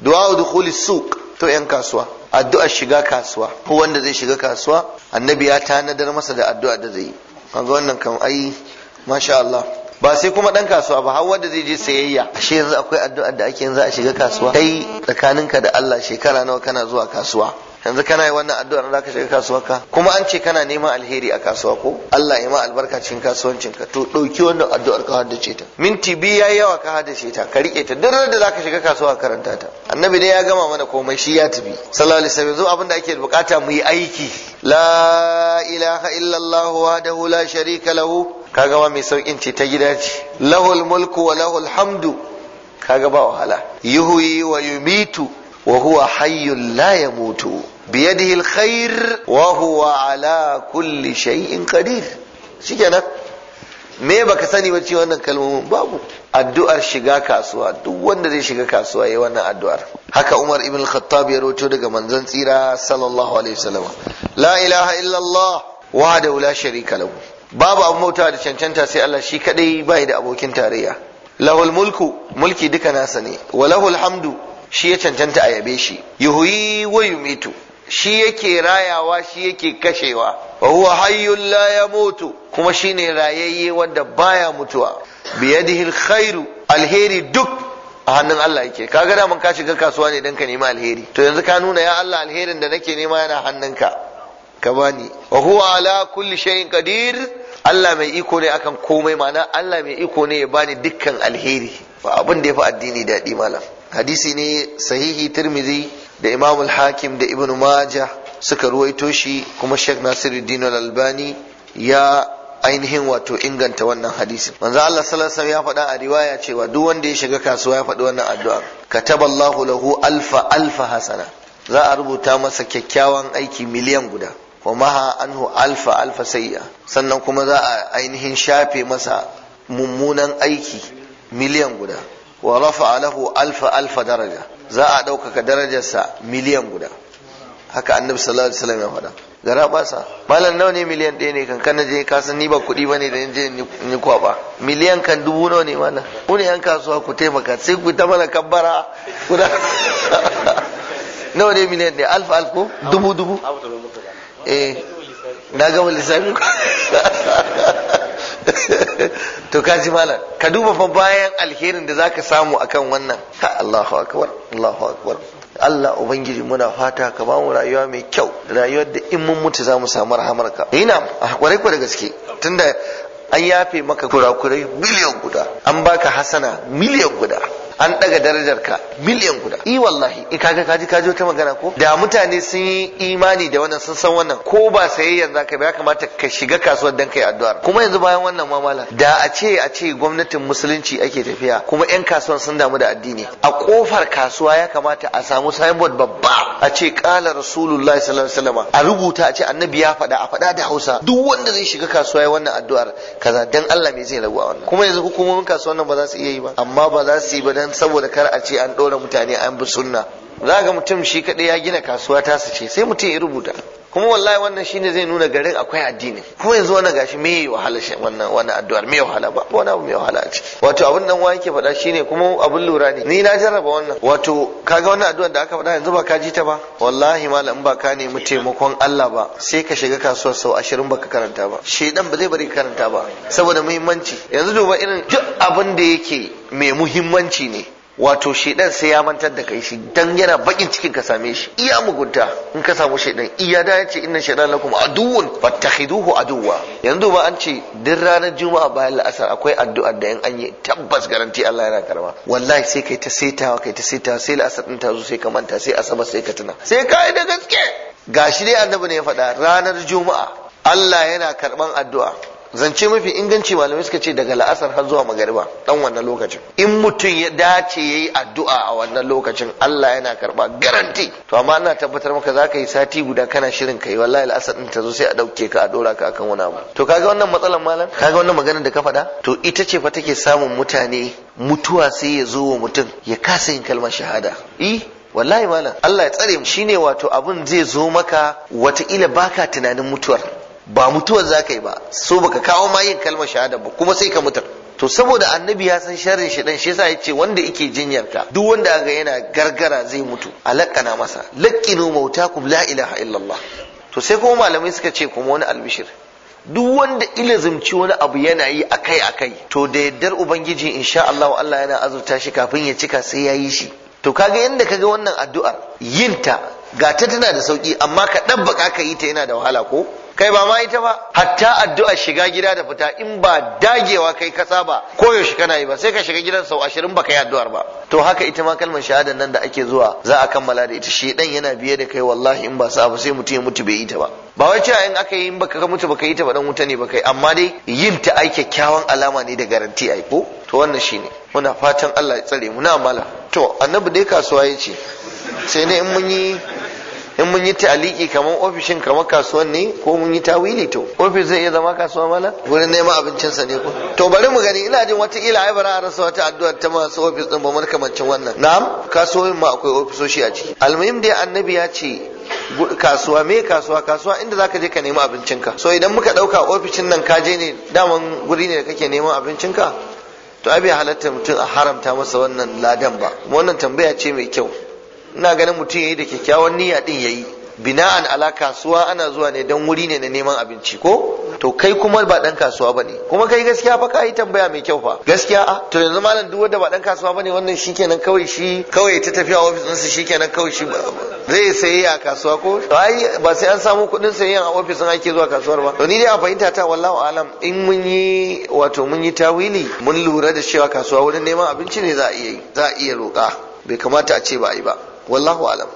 du'a dukhuli suq to yan kasuwa Addu'a shiga kasuwa ko wanda zai shiga kasuwa annabi ya tanadar masa da addu'a da zai yi kaga wannan kam ai masha Allah ba sai kuma dan kasuwa ba har wanda zai je sayayya ashe yanzu akwai addu'ar da ake yanzu a shiga kasuwa kai tsakaninka da Allah shekara nawa kana zuwa kasuwa yanzu kana yi wannan addu'ar za ka shiga kasuwarka kuma an ce kana neman alheri a kasuwa ko Allah ya ma albarka cikin kasuwancinka to dauki wannan addu'ar ka ce ta minti biyu yayi yawa ka haddace ta ka rike ta duk da za shiga kasuwa karanta ta annabi dai ya gama mana komai shi ya tafi sallallahu alaihi wasallam yanzu abin da ake bukata mu yi aiki la ilaha illallah wahdahu la sharika lahu kaga ma mai saukin ce ta gida ce lahul mulku wa lahul hamdu kaga ba wahala yuhyi wa yumitu wa huwa hayyul la yamutu biyadihi alkhair wa huwa ala kulli shay'in qadir me baka sani ba ce wannan kalmomin babu addu'ar shiga kasuwa duk wanda zai shiga kasuwa yayi wannan addu'ar haka Umar ibn Khattab ya roto daga manzon tsira sallallahu alaihi wasallam la ilaha illallah Wa la sharika lahu babu abu mota da cancanta sai Allah shi kadai bai da abokin tarayya lahul mulku mulki duka nasa ne wa lahul hamdu shi ya cancanta a yabe shi yuhyi wa yumitu shi yake rayawa shi yake kashewa wa huwa hayyul la yamutu kuma shine rayayye wanda baya mutuwa biyadihi alkhairu alheri duk a hannun Allah yake kaga da mun ka shiga kasuwa ne dan ka nemi alheri to yanzu ka nuna ya Allah alherin da nake nema yana hannunka ka bani wa huwa ala kulli shay'in qadir Allah mai iko ne akan komai ma'ana Allah mai iko ne ya bani dukkan alheri fa abin da ya fi addini daɗi malam hadisi ne sahihi tirmidhi da Imam hakim da Ibn Majah suka ruwaito shi kuma Sheikh Nasiruddin al-Albani ya ainihin wato inganta wannan hadisin manzo Allah sallallahu alaihi ya faɗa a riwaya cewa duk wanda ya shiga kasuwa ya faɗi wannan addu'a kataballahu lahu alfa alfa hasana za a rubuta masa kyakkyawan aiki miliyan guda wa maha anhu alfa alfa sayya sannan kuma za a ainihin shafe masa mummunan aiki miliyan guda wa rafa'a lahu alfa alfa daraja za a ɗaukaka darajarsa miliyan guda haka annabi sallallahu alaihi wasallam ya faɗa gara sa malam nawa ne miliyan ɗaya ne kan kana je ka san ni ba kuɗi ba ne da in je ni ba. miliyan kan dubu nawa ne malam ku ne yan kasuwa ku taimaka sai ku ta mana kabbara kuna nawa ne miliyan ɗaya alfa alko dubu dubu eh na gama lissafin to kaji malam ka duba fa bayan alherin da zaka samu akan wannan ha Allahu akbar Allahu akbar Allah Ubangiji muna fata ka ba mu rayuwa mai kyau rayuwar da in mun mutu za mu samu ka. ina a kwarai da gaske tunda an yafe maka kurakurai miliyan guda an baka hasana miliyan guda an daga darajar ka miliyan guda i e, wallahi ka e, kaga kaji kaji wata magana ko da mutane sun yi imani da wannan sun san wannan ko ba sayayyan zaka ba ya kamata ka shiga kasuwar dan kai addu'ar kuma yanzu bayan wannan mamala da a ce a ce gwamnatin musulunci ake tafiya kuma yan kasuwar sun damu da addini a kofar kasuwa ya kamata a samu signboard babba a ce kala rasulullahi sallallahu alaihi wasallam a rubuta a ce annabi ya faɗa a faɗa da Hausa duk wanda zai shiga kasuwa ya wannan addu'ar kaza dan Allah me zai ragu a wannan kuma yanzu hukumomin kasuwar nan ba za su iya yi ba amma ba za su yi ba nan saboda kar a ce an ɗora mutane an bi sunna za ga mutum shi kaɗai ya gina kasuwa ta su ce sai mutum ya rubuta kuma wallahi wannan shine zai nuna garin akwai addini ko yanzu wannan gashi me wahala wannan wannan addu'ar me wahala ba wani abu me wahala ce wato abin nan wa yake faɗa shine kuma abin lura ne ni na jarraba wannan wato kaga wannan addu'ar da aka faɗa yanzu ba ka ji ta ba wallahi malam ba ka nemi taimakon Allah ba sai ka shiga kasuwar sau ashirin baka karanta ba shedan ba zai bari ka karanta ba saboda muhimmanci yanzu duba irin duk abin da yake mai muhimmanci ne wato shaidan sai ya mantar da kai shi dan yana bakin cikin ka same shi iya mugunta in ka samu shaidan iya da yace inna shaidan lakum aduwwun fattakhiduhu aduwwa yanzu ba an ce duk ranar juma'a bayan la'asar akwai addu'a da in an yi tabbas garanti Allah yana karba wallahi sai kai ta saitawa kai ta saitawa sai la'asar din ta zo sai ka manta sai asaba sai ka tuna sai kai da gaske gashi dai annabi ne ya faɗa ranar juma'a Allah yana karban addu'a zance mafi inganci malamai suka ce daga la'asar har zuwa magariba dan wannan lokacin in mutum ya dace yayi addu'a a wannan lokacin Allah yana karba garanti to amma ina tabbatar maka zaka yi sati guda kana shirin kai wallahi la'asar din ta zo sai a dauke ka a dora ka akan wani abu to kaga wannan matsalan malam kaga wannan maganar da ka faɗa to ita ce fa take samun mutane mutuwa sai ya zo wa mutum ya kasa yin kalmar shahada i wallahi malam Allah ya tsare mu shine wato abun zai zo maka wataƙila baka tunanin mutuwar ba mutuwar za ka yi ba so baka kawo ma yin kalmar shahada ba kuma sai ka mutar to saboda annabi ya san sharrin shi dan shi yasa yace wanda yake jinyar ka duk wanda aga yana gargara zai mutu alakana masa laqinu mautakum la ilaha illallah to sai kuma malamai suka ce kuma wani albishir duk wanda ilazumci wani abu yana yi akai akai to da yaddar ubangiji insha Allah Allah yana azurta shi kafin ya cika sai yayi shi to kaga yanda kaga wannan addu'ar yinta ga ta tana da sauki amma ka dabbaka ka yi ta yana da wahala ko kai ba ma ita ba hatta addu'a shiga gida da fita in ba dagewa kai ka saba yaushe kana yi ba sai ka shiga gidan sau ashirin baka yi addu'ar ba to haka ita ma kalmar shahadar nan da ake zuwa za a kammala da ita shedan yana biye da kai wallahi in ba sa ba sai mutum ya mutu bai yi ta ba ba wai cewa in aka yi in baka mutu baka yi ba dan wuta ne baka yi amma dai yin ta ai kyakkyawan alama ne da garanti ai ko to wannan shine muna fatan Allah ya tsare mu na mala to annabi dai kasuwa yace sai ne in mun yi in mun yi taliki kamar ofishin kamar kasuwan ne ko mun yi tawili to ofis zai iya zama kasuwa mala wurin neman abincin sa ne ko to bari mu gani ina jin wata ila ai bara a rasa wata addu'a ta masu ofis din ba markamancin wannan na'am kasuwoyin ma akwai ofisoshi a ciki almuhim dai annabi ya ce kasuwa me kasuwa kasuwa inda zaka je ka nemi abincinka so idan muka dauka ofishin nan ka je ne daman guri ne da kake neman abincinka to abi halatta mutum a haramta masa wannan ladan ba wannan tambaya ce mai kyau ina ganin mutum yayi da kyakkyawan niyya din yayi bina'an ala kasuwa ana zuwa ne don wuri ne na neman abinci ko to kai kuma ba dan kasuwa bane kuma kai gaskiya fa ka yi tambaya mai kyau fa gaskiya a ah, to yanzu malam duk wanda ba dan kasuwa bane wannan shikenan kawai shi kawai ta tafiya ofis ɗinsa shikenan kawai shi zai sayi a kasuwa ko to ai ba sai an samu kuɗin sayayyan a ofis din ake zuwa kasuwar ba to ni dai a fahimta ta wallahi alam in mun yi wato mun yi tawili mun lura da cewa kasuwa wurin neman abinci ne za a iya yi za a iya roƙa bai kamata a ce ba a yi ba wallahu alam